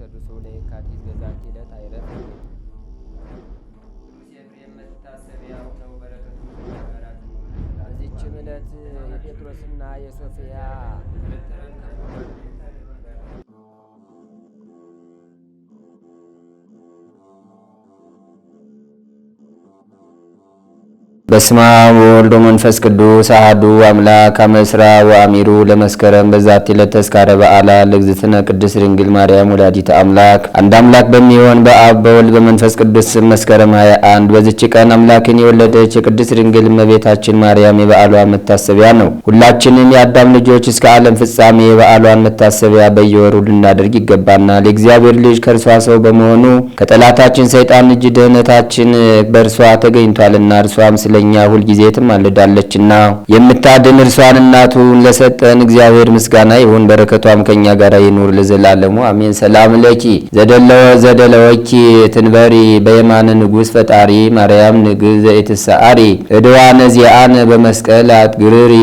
ተሰርሶ ለየካቲት በዛቲ ዕለት አይረት ቅዱስ በዚችም ዕለት የጴጥሮስና የሶፊያ በስማ ወወልድ መንፈስ ቅዱስ አህዱ አምላክ አመስራ ወአሚሩ ለመስከረም በዛቲ ለተስካረ በዓላ ለእግዝእትነ ቅድስት ድንግል ማርያም ወላዲተ አምላክ አንድ አምላክ በሚሆን በአብ በወልድ በመንፈስ ቅዱስ መስከረም 21 በዚች ቀን አምላክን የወለደች የቅድስት ድንግል እመቤታችን ማርያም የበዓሏ መታሰቢያ ነው። ሁላችንም የአዳም ልጆች እስከ ዓለም ፍጻሜ የበዓሏን መታሰቢያ በየወሩ ልናደርግ ይገባናል። የእግዚአብሔር ልጅ ከእርሷ ሰው በመሆኑ ከጠላታችን ሰይጣን እጅ ድህነታችን በእርሷ ተገኝቷልና እርሷም ስለ ለእኛ ሁልጊዜ ትማልዳለችና የምታድን እርሷን እናቱን ለሰጠን እግዚአብሔር ምስጋና ይሁን። በረከቷም ከእኛ ጋር ይኑር ለዘላለሙ አሜን። ሰላም ለኪ ዘደለወኪ ትንበሪ በየማነ ንጉሥ ፈጣሪ ማርያም ንግዝ ዘኢትሰአሪ እድዋነ ዚአነ በመስቀል አትግርሪ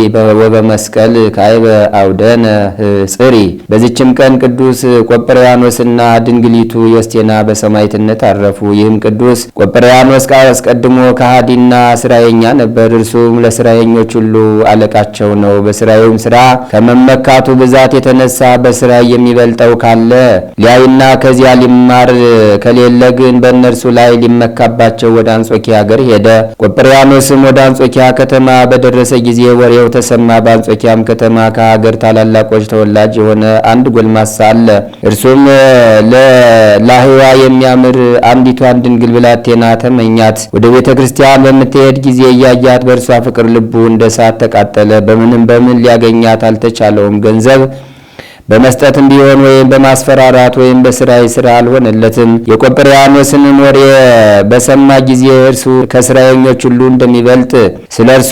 ወበመስቀል ካይበ አውደነ ጽሪ። በዚችም ቀን ቅዱስ ቆጵርያኖስና ድንግሊቱ ዮስቴና በሰማዕትነት አረፉ። ይህም ቅዱስ ቆጵርያኖስ አስቀድሞ ከሃዲና እስራኤል ሥራየኛ ነበር፣ እርሱም ለስራየኞች ሁሉ አለቃቸው ነው። በስራዩም ስራ ከመመካቱ ብዛት የተነሳ በስራ የሚበልጠው ካለ ሊያይና ከዚያ ሊማር ከሌለ ግን በእነርሱ ላይ ሊመካባቸው ወደ አንጾኪያ ሀገር ሄደ። ቆጵርያኖስም ወደ አንጾኪያ ከተማ በደረሰ ጊዜ ወሬው ተሰማ። በአንጾኪያም ከተማ ከሀገር ታላላቆች ተወላጅ የሆነ አንድ ጎልማሳ አለ። እርሱም ለላህዋ የሚያምር አንዲቷን ድንግል ብላቴና ተመኛት። ወደ ቤተ ክርስቲያን በምትሄድ ጊዜ ጊዜ እያያት በእርሷ ፍቅር ልቡ እንደ እሳት ተቃጠለ። በምንም በምን ሊያገኛት አልተቻለውም። ገንዘብ በመስጠትም ቢሆን ወይም በማስፈራራት ወይም በስራይ ስራ አልሆነለትም። የቆጵርያኖስንም ወሬ በሰማ ጊዜ እርሱ ከስራኞች ሁሉ እንደሚበልጥ ስለ እርሱ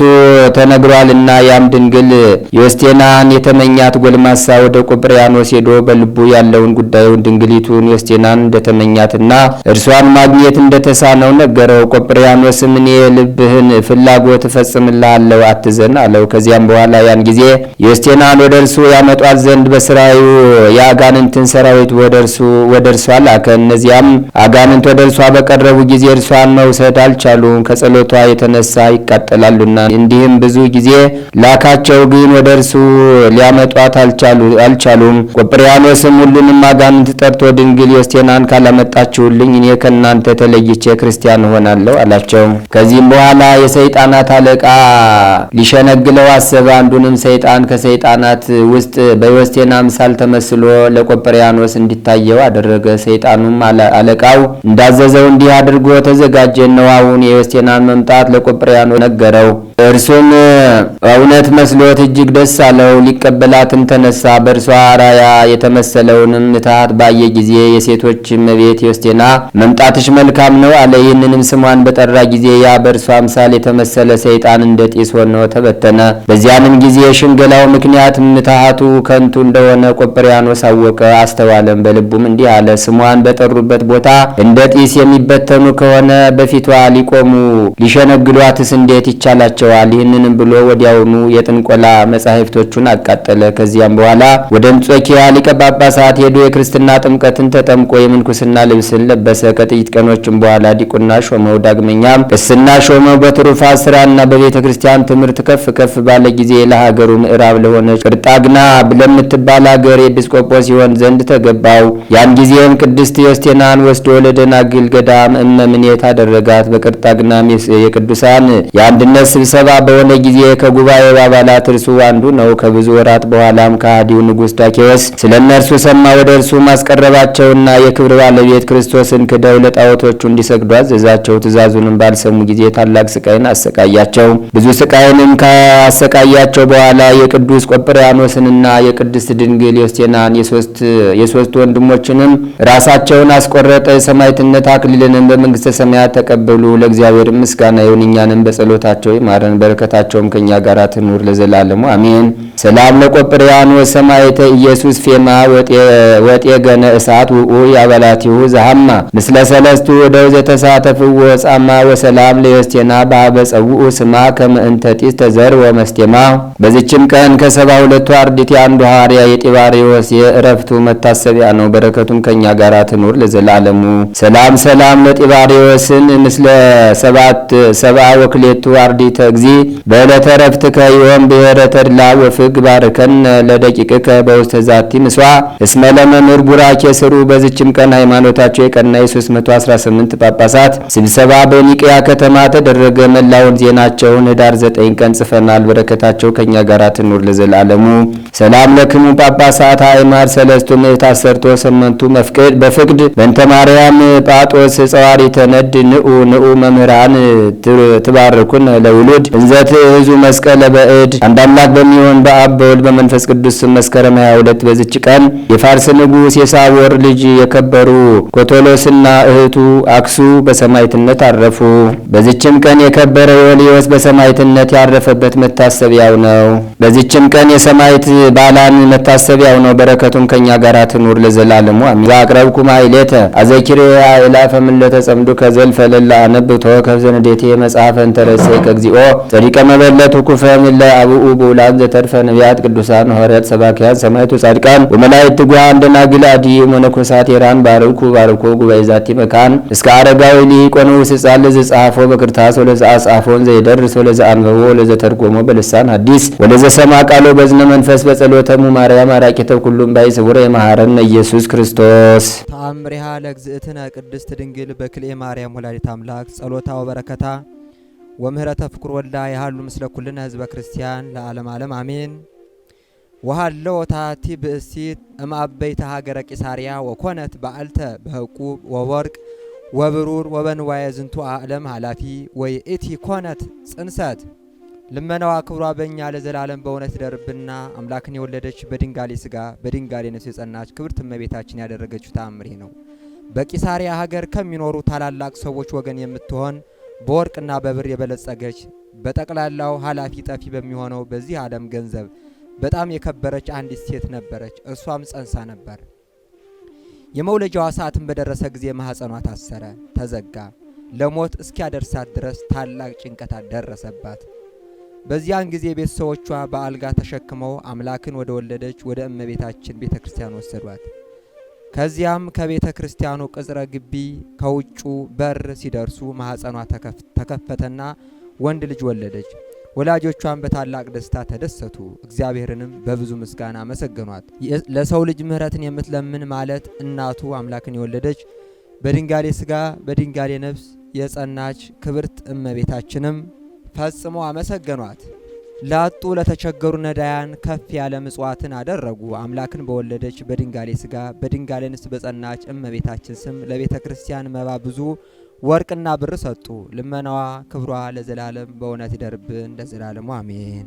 ተነግሯልና ያም ድንግል ዮስቴናን የተመኛት ጎልማሳ ወደ ቆጵርያኖስ ሄዶ በልቡ ያለውን ጉዳዩን ድንግሊቱን ዮስቴናን እንደተመኛትና እርሷን ማግኘት እንደተሳነው ነገረው። ቆጵርያኖስም እኔ ልብህን ፍላጎት እፈጽምልሃለሁ፣ አትዘን አለው። ከዚያም በኋላ ያን ጊዜ ዮስቴናን ወደ እርሱ ያመጧት ዘንድ በስራ ሰማያዊ የአጋንንትን ሰራዊት ወደ እርሷ ላከ። እነዚያም አጋንንት ወደ እርሷ በቀረቡ ጊዜ እርሷን መውሰድ አልቻሉም፣ ከጸሎቷ የተነሳ ይቃጠላሉና። እንዲህም ብዙ ጊዜ ላካቸው፣ ግን ወደ እርሱ ሊያመጧት አልቻሉም። ቆጵሪያኖስም ሁሉንም አጋንንት ጠርቶ ድንግል ዮስቴናን ካላመጣችሁልኝ እኔ ከእናንተ ተለይቼ ክርስቲያን እሆናለሁ አላቸው። ከዚህም በኋላ የሰይጣናት አለቃ ሊሸነግለው አሰበ። አንዱንም ሰይጣን ከሰይጣናት ውስጥ በዮስቴና አምሳል ተመስሎ ለቆጵሪያኖስ እንዲታየው አደረገ። ሰይጣኑም አለቃው እንዳዘዘው እንዲህ አድርጎ ተዘጋጀ። አሁን የዮስቴናን መምጣት ለቆጵሪያኖስ ነገረው። እርሱም እውነት መስሎት እጅግ ደስ አለው። ሊቀበላትም ተነሳ። በእርሷ ራያ የተመሰለውንም ምትሃት ባየ ጊዜ የሴቶች እመቤት ዮስቴና መምጣትሽ መልካም ነው አለ። ይህንንም ስሟን በጠራ ጊዜ ያ በእርሷ አምሳል የተመሰለ ሰይጣን እንደ ጢስ ሆኖ ተበተነ። በዚያንም ጊዜ የሽንገላው ምክንያት ምትሃቱ ከንቱ እንደሆነ እንደሆነ ቆጵሪያኖስ አወቀ አስተዋለም። በልቡም እንዲህ አለ፣ ስሟን በጠሩበት ቦታ እንደ ጢስ የሚበተኑ ከሆነ በፊቷ ሊቆሙ ሊሸነግሏትስ እንዴት ይቻላቸዋል? ይህንንም ብሎ ወዲያውኑ የጥንቆላ መጻሕፍቶቹን አቃጠለ። ከዚያም በኋላ ወደ አንጾኪያ ሊቀ ጳጳሳት ሄዶ የክርስትና ጥምቀትን ተጠምቆ የምንኩስና ልብስን ለበሰ። ከጥቂት ቀኖችም በኋላ ዲቁና ሾመው። ዳግመኛም እስና ሾመው። በትሩፋት ስራና በቤተ ክርስቲያን ትምህርት ከፍ ከፍ ባለ ጊዜ ለሀገሩ ምዕራብ ለሆነች ቅርጣግና ለምትባላ ሀገር ኤጲስቆጶስ ይሆን ዘንድ ተገባው። ያን ጊዜም ቅድስት ዮስቴናን ወስዶ ለደናግል ገዳም እመምኔት አደረጋት። በቅርጣግናም የቅዱሳን የአንድነት ስብሰባ በሆነ ጊዜ ከጉባኤው አባላት እርሱ አንዱ ነው። ከብዙ ወራት በኋላም ከሃዲው ንጉሥ ዳኬዎስ ስለ እነርሱ ሰማ። ወደ እርሱ ማስቀረባቸውና የክብር ባለቤት ክርስቶስን ክደው ለጣዖቶቹ እንዲሰግዱ አዘዛቸው። ትእዛዙንም ባልሰሙ ጊዜ ታላቅ ስቃይን አሰቃያቸው። ብዙ ስቃይንም ካሰቃያቸው በኋላ የቅዱስ ቆጵርያኖስንና የቅድስት ድንግ ድንግል ዮስቴናን የሶስት ወንድሞችንም ራሳቸውን አስቆረጠ። የሰማዕትነት አክሊልንም በመንግሥተ ሰማያት ተቀበሉ። ለእግዚአብሔር ምስጋና ይሁን፣ እኛንም በጸሎታቸው ይማረን፣ በረከታቸውም ከእኛ ጋር ትኑር ለዘላለሙ አሜን። ሰላም ለቆጵርያን ወሰማይተ ኢየሱስ ፌማ ወጤ ገነ እሳት ውኡ ያበላቲሁ ዛሃማ ምስለ ሰለስቱ ወደው ዘተሳተፍዎ ጻማ ወሰላም ለዮስቴና ባበጸውኡ ስማ ከመእንተጢስ ተዘር ወመስቴማ በዚችም ቀን ከሰባ ሁለቱ አርድእት አንዱ ሐዋርያ የጤ የባሪዎስ የእረፍቱ መታሰቢያ ነው። በረከቱም ከእኛ ጋር ትኑር ለዘላለሙ። ሰላም ሰላም ለጢባሪዎስን ምስለ ሰባት ሰብአ ወክሌቱ አርዲተ እግዚ በዕለተ ረፍት ከይሆን ብሔረ ተድላ ወፍግ ባርከን ለደቂቅከ በውስተ ዛቲ ምስዋ እስመ ለመምህር ቡራኬ ስሩ። በዝችም ቀን ሃይማኖታቸው የቀና የ318 ጳጳሳት ስብሰባ በኒቅያ ከተማ ተደረገ። መላውን ዜናቸውን ህዳር 9 ቀን ጽፈናል። በረከታቸው ከእኛ ጋር ትኑር ለዘላለሙ። ሰላም ለክሙ ጳጳ ጳጳሳት አይማር ሰለስቱ ምዕት አሰርቶ ስምንቱ መፍቅድ በፍቅድ በንተ ማርያም ጳጦስ ጸዋሪ ተነድ ንዑ ንዑ መምህራን ትባርኩን ለውሉድ እንዘት ህዙ መስቀለ በእድ አንድ አምላክ በሚሆን በአብ በወልድ በመንፈስ ቅዱስ መስከረም 22 በዚች ቀን የፋርስ ንጉሥ የሳወር ልጅ የከበሩ ኮቶሎስና እህቱ አክሱ በሰማይትነት አረፉ። በዚችም ቀን የከበረ ዮልዮስ በሰማይትነት ያረፈበት መታሰቢያው ነው። በዚችም ቀን የሰማይት ባላን መታሰ መታሰቢያው ነው። በረከቱም ከእኛ ጋር ትኑር ለዘላለሙ አሜን። ዛቅረብኩ ማይሌተ አዘኪሬ አይላፈ ምለተ ጸምዱ ከዘልፈ ለላ አነብቶ ከዘንዴቴ መጽሐፈን ተረሴ ከግዚኦ ጸዲቀ መበለቱ ኩፈም ለ አብኡ ብኡላን ዘተርፈ ነቢያት ቅዱሳን ሆረት ሰባኪያን ሰማይቱ ጻድቃን ወመላእክት ጓ ደናግል አድኅ መነኮሳት የራን ባርኩ ባርኮ ጉባኤ ዛቲ መካን እስከ አረጋዊ ሊቆኑ ስጻል ዝጻፎ በክርታስ ወለዘ አጻፎን ዘይደርስ ወለዘ አንበቦ ወለዘ ተርጎሞ በልሳን ሐዲስ ወለዘ ሰማ ቃሎ በዝነ መንፈስ በጸሎተሙ ማርያም አማራቂተ ተኩሉም ባይ ስውረ የመሐረነ ኢየሱስ ክርስቶስ ተአምሪሃ ለእግዝእትነ ቅድስት ድንግል በክልኤ ማርያም ወላዲት አምላክ ጸሎታ ወበረከታ ወምህረተ ፍቁር ወልዳ የሃሉ ምስለ ኩልነ ህዝበ ክርስቲያን ለዓለም ዓለም አሜን። ወሃለው ታቲ ብእሲት እምአበይተ ሀገረ ቂሳሪያ ወኮነት በዓልተ በህቁ ወወርቅ ወብሩር ወበንዋየ ዝንቱ ዓለም ኃላፊ እቲ ኮነት ጽንሰት ልመናዋ ክብሯ በእኛ ለዘላለም በእውነት ደርብና አምላክን የወለደች በድንጋሌ ስጋ በድንጋሌ ነፍስ የጸናች ክብርት እመቤታችን ያደረገችው ተአምር ነው። በቂሳሪያ ሀገር ከሚኖሩ ታላላቅ ሰዎች ወገን የምትሆን በወርቅና በብር የበለጸገች በጠቅላላው ኃላፊ ጠፊ በሚሆነው በዚህ ዓለም ገንዘብ በጣም የከበረች አንዲት ሴት ነበረች። እርሷም ጸንሳ ነበር። የመውለጃዋ ሰዓትን በደረሰ ጊዜ ማኅፀኗ ታሰረ፣ ተዘጋ። ለሞት እስኪያደርሳት ድረስ ታላቅ ጭንቀት ደረሰባት። በዚያን ጊዜ ቤተሰዎቿ በአልጋ ተሸክመው አምላክን ወደ ወለደች ወደ እመቤታችን ቤተ ክርስቲያን ወሰዷት። ከዚያም ከቤተ ክርስቲያኑ ቅጽረ ግቢ ከውጩ በር ሲደርሱ ማኅፀኗ ተከፈተና ወንድ ልጅ ወለደች። ወላጆቿን በታላቅ ደስታ ተደሰቱ። እግዚአብሔርንም በብዙ ምስጋና አመሰገኗት። ለሰው ልጅ ምሕረትን የምትለምን ማለት እናቱ አምላክን የወለደች በድንጋሌ ሥጋ በድንጋሌ ነፍስ የጸናች ክብርት እመቤታችንም ፈጽሞ አመሰገኗት። ላጡ ለተቸገሩ ነዳያን ከፍ ያለ ምጽዋትን አደረጉ። አምላክን በወለደች በድንጋሌ ስጋ በድንጋሌ ንስ በጸናች እመቤታችን ስም ለቤተ ክርስቲያን መባ ብዙ ወርቅና ብር ሰጡ። ልመናዋ ክብሯ ለዘላለም በእውነት ይደርብን፣ ለዘላለሙ አሜን።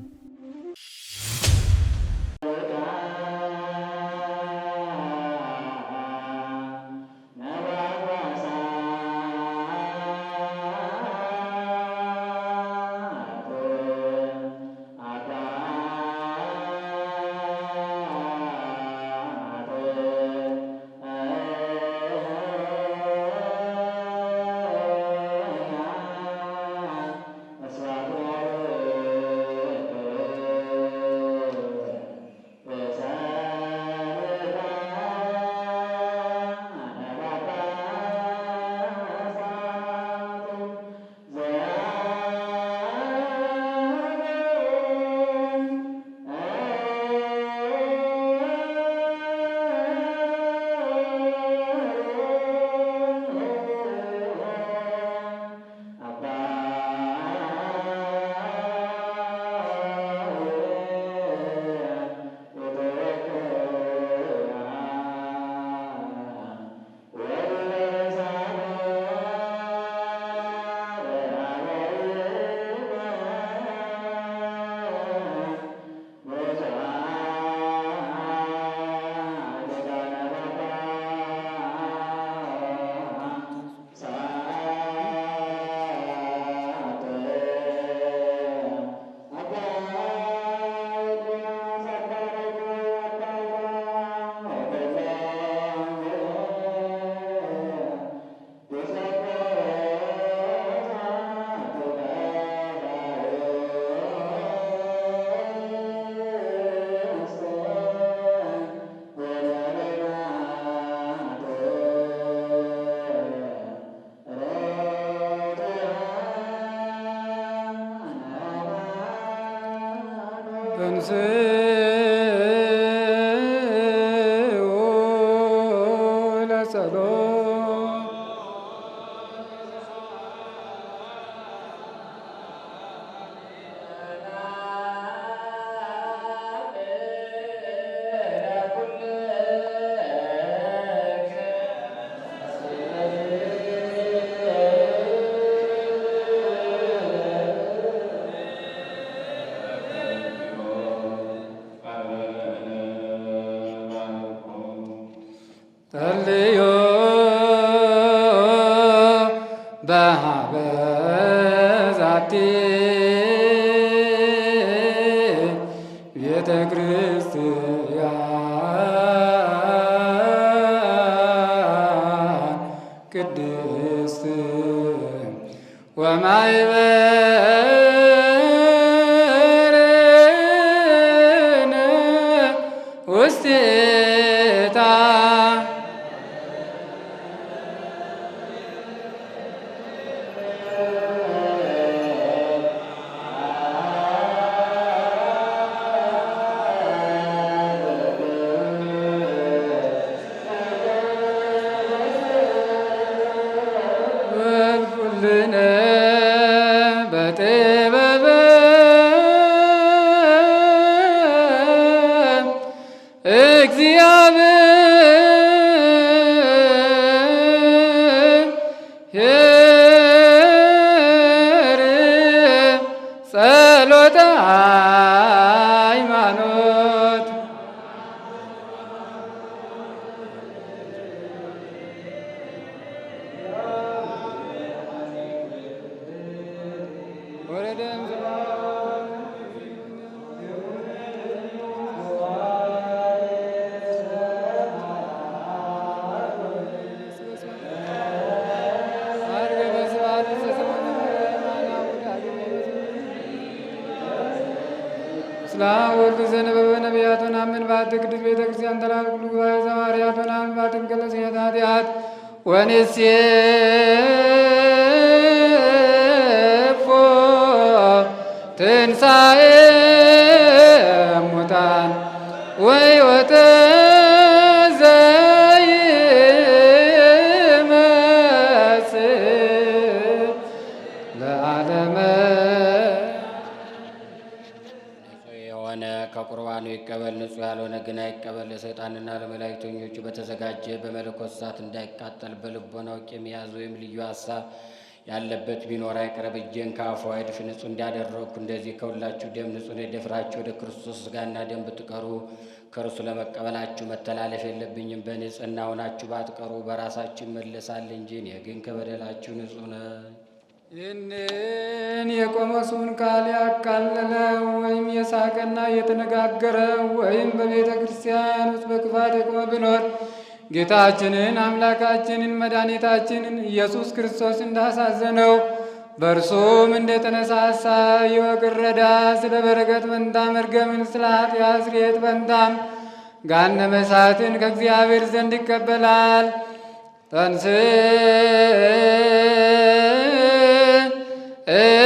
ዘንተራ ኩሉ ጉባኤ ዘማርያት ወናንባ ድንግል ሴት ኃጢአት ወንሴ ከቁርባኑ ይቀበል። ንጹሕ ያልሆነ ግን አይቀበል። ለሰይጣንና ለመላእክተኞቹ በተዘጋጀ በመለኮት እሳት እንዳይቃጠል በልቦናው ቂም የያዘ ወይም ልዩ ሀሳብ ያለበት ቢኖር አይቅረብ። እጄን ከአፉ አይድፍ። ንጹሕ እንዳደረግኩ እንደዚህ ከሁላችሁ ደም ንጹሕ የደፍራችሁ ወደ ክርስቶስ ሥጋና ደም ብትቀሩ ከእርሱ ለመቀበላችሁ መተላለፍ የለብኝም። በንጽሕና ሆናችሁ ባትቀሩ በራሳችሁ ይመለሳል እንጂ እኔ ግን ከበደላችሁ ንጹሕ ነኝ። ይህንን የቆመሱን ቃል ያቃለለ ወይም የሳቀና የተነጋገረ ወይም በቤተ ክርስቲያን ውስጥ በክፋት የቆመ ቢኖር ጌታችንን አምላካችንን መድኃኒታችንን ኢየሱስ ክርስቶስ እንዳሳዘነው በእርሱም እንደተነሳሳ የወቅረዳ ስለ በረከት በንታ መርገምን ስለ ኃጢአት ስርየት በንታም ጋነ መሳትን ከእግዚአብሔር ዘንድ ይቀበላል። ተንሥእ Hey. Eh,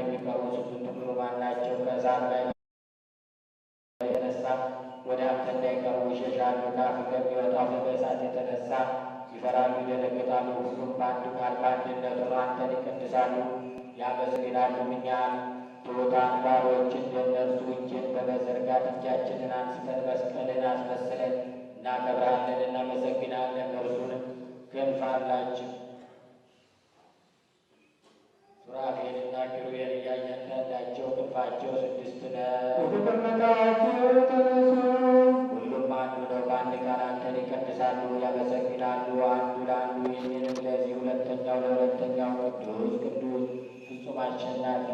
የሚፈወሱት ሕሙማን ናቸው። ከዛም ላይ የተነሳ ወደ አንተ እንዳይቀርቡ ይሸሻሉ። ከአፍ ከሚወጣው በእሳት የተነሳ ይፈራሉ፣ ይደነግጣሉ። ሁሉም በአንድ ቃል በአንድነት ሆነው አንተን ይቀድሳሉ፣ ያመሰግናሉ። እኛም ትሑታን ባሮች እንደነርሱ እጅን በመዘርጋት እጃችንን አንስተን መስቀልን አስመስለን እናከብራለን፣ እናመሰግናለን። እርሱንም ክንፍ አላቸው ሱራፌልና ኪሩቤል እያንዳንዳቸው ክንፋቸው ስድስት ነው። የተቀመጣችሁ ተነሱ። ሁሉም አንዱ ነው። በአንድ ቃል አንተን ይቀድሳሉ፣ ያመሰግናሉ። አንዱ ለአንዱ ይህንን ለዚህ ሁለተኛው ለሁለተኛው ቅዱስ ቅዱስ ፍጹም አሸናፊ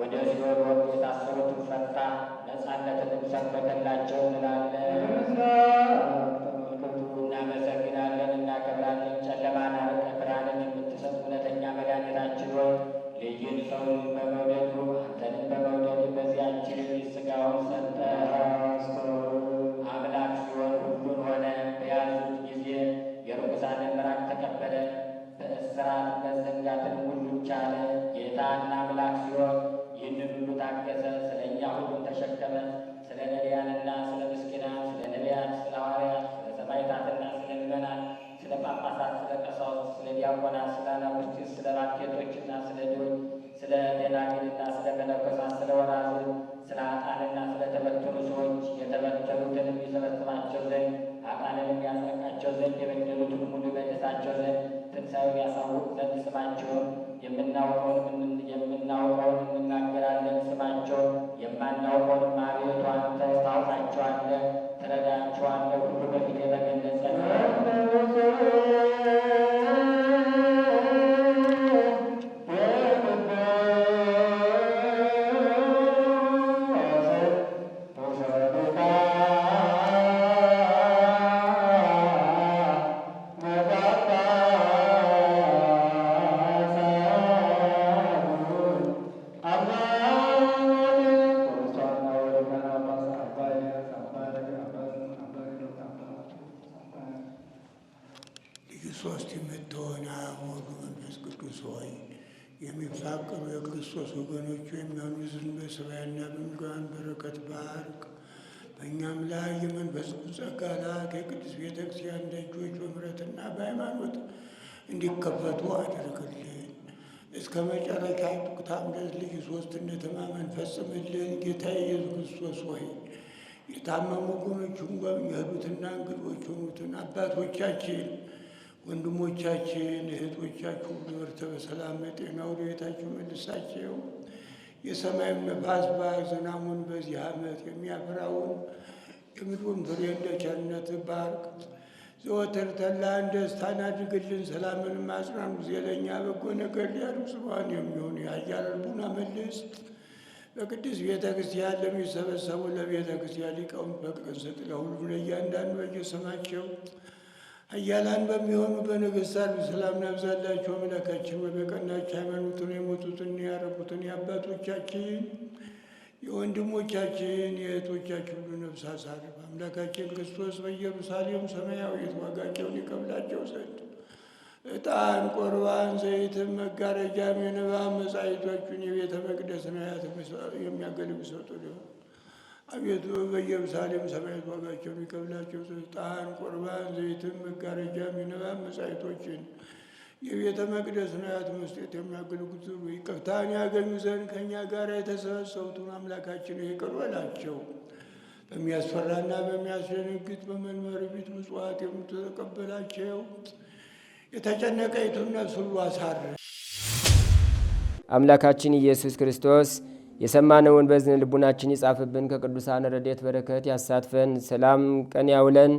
ወደ ሲኦል የታሰሩትን ፈታ፣ ነፃነትንም ሰበከላቸው እንላለን። የምናውቀውን እንዲከፈቱ አድርግልን። እስከ መጨረሻ ቱቅታም ድረስ ልጅ ሶስትነት ማመን ፈጽምልን። ጌታ ኢየሱስ ክርስቶስ ሆይ የታመሙ ጎኖቹን የህሉትና እንግዶች የሆኑትን አባቶቻችን ወንድሞቻችን እህቶቻችሁ በርተ በሰላም በጤና ወደ ቤታችሁ መልሳቸው። የሰማይም ነፋስ ዝናቡን በዚህ ዓመት የሚያፈራውን የምድሩን ፍሬ እንደ ቸርነት ባርክ። ዘወትር ተላህን ደስታን አድርግልን፣ ሰላምን አጽናን። ጊዜ ለእኛ በጎ ነገር ሊያደርግ ስብሐት የሚሆኑ የኃያል ልቡና መልስ በቅድስት ቤተ ክርስቲያን ለሚሰበሰቡ ለቤተ ክርስቲያን ሊቃውንት በቅን ስጥ ለሁሉም ለእያንዳንዱ በየስማቸው አያላን በሚሆኑ በነገሥታት ሰላም ናብዛላቸው። አምላካችን በቀናች ሃይማኖትን የሞቱትን ያረቁትን የአባቶቻችን የወንድሞቻችን የእህቶቻችን ሁሉ ነፍስ አሳርፍ አምላካችን ክርስቶስ በኢየሩሳሌም ሰማያዊት ዋጋቸውን ይከፍላቸው ዘንድ እጣን፣ ቆርባን፣ ዘይትን፣ መጋረጃም፣ የንባብ መጻሕፍቶቹን የቤተ መቅደስ ነያት ንያት ሰጡ ሊሆን አቤቱ በኢየሩሳሌም ሰማያዊት ዋጋቸውን ይከፍላቸው ዘንድ ዕጣን፣ ቆርባን፣ ዘይትን፣ መጋረጃም፣ የንባብ መጻሕፍቶችን የቤተ መቅደስ ነያት መስጠት የሚያገለግሉ ይቅርታን ያገኙ ዘንድ ከእኛ ጋር የተሰበሰቡትን አምላካችን ይቅር በላቸው። በሚያስፈራና በሚያስደነግጥ በመንበር ፊት ምጽዋት የምትቀበላቸው የተጨነቀይቱን ነፍስ ሁሉ አሳረ። አምላካችን ኢየሱስ ክርስቶስ የሰማነውን በዝን ልቡናችን ይጻፍብን፣ ከቅዱሳን ረድኤት በረከት ያሳትፈን፣ ሰላም ቀን ያውለን፣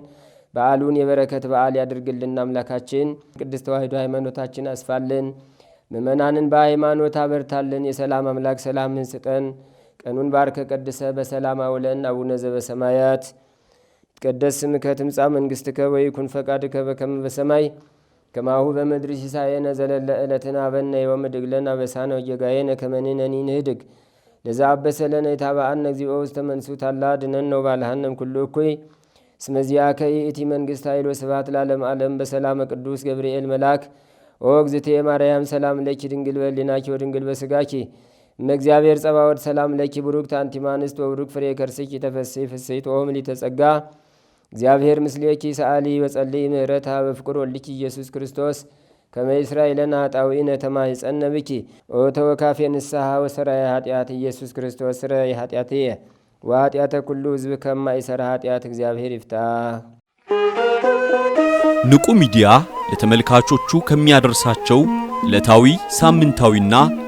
በዓሉን የበረከት በዓል ያድርግልን። አምላካችን ቅድስት ተዋሕዶ ሃይማኖታችን አስፋልን፣ ምእመናንን በሃይማኖት አበርታልን። የሰላም አምላክ ሰላምን ስጠን። ቀኑን ባርከ ቀድሰ በሰላም አውለን። አቡነ ዘበሰማያት ይትቀደስ ስምከ ትምጻእ መንግሥትከ ወይኩን ፈቃድከ በከመ በሰማይ ከማሁ በምድር ሲሳየነ ዘለለ ዕለትነ ሀበነ ዮም ወኅድግ ለነ አበሳነ ወጌጋየነ ከመ ንሕነኒ ንኅድግ ለዘአበሰ ለነ ኢታብአነ እግዚኦ ውስተ መንሱት አላ አድኅነነ ወባልሐነ እምኩሉ እኩይ እስመ ዚአከ ይእቲ መንግስት ኃይል ወስብሐት ለዓለመ ዓለም። በሰላመ ቅዱስ ገብርኤል መልአክ ኦ እግዝእትየ ማርያም ሰላም ለኪ ድንግል በሕሊናኪ ወድንግል በስጋኪ እመእግዚአብሔር ጸባወድ ሰላም ለኪ ብሩክ ታንቲማንስት ወብሩክ ፍሬ ከርስኪ ተፈሥሒ ፍሥሕት ኦም ሊተጸጋ እግዚአብሔር ምስሌኪ ሰአሊ በጸልይ ምህረታ በፍቅር ወልኪ ኢየሱስ ክርስቶስ ከመ እስራኤለን አጣዊነ ተማኅፀነ ብኪ ኦ ተወካፌ ወሰራይ ኃጢአት ኢየሱስ ክርስቶስ ስረይ ኃጢአትየ ወኃጢአተ ኩሉ ሕዝብ ከማይሰራ ኃጢአት እግዚአብሔር ይፍታ። ንቁ ሚዲያ ለተመልካቾቹ ከሚያደርሳቸው ዕለታዊ ሳምንታዊና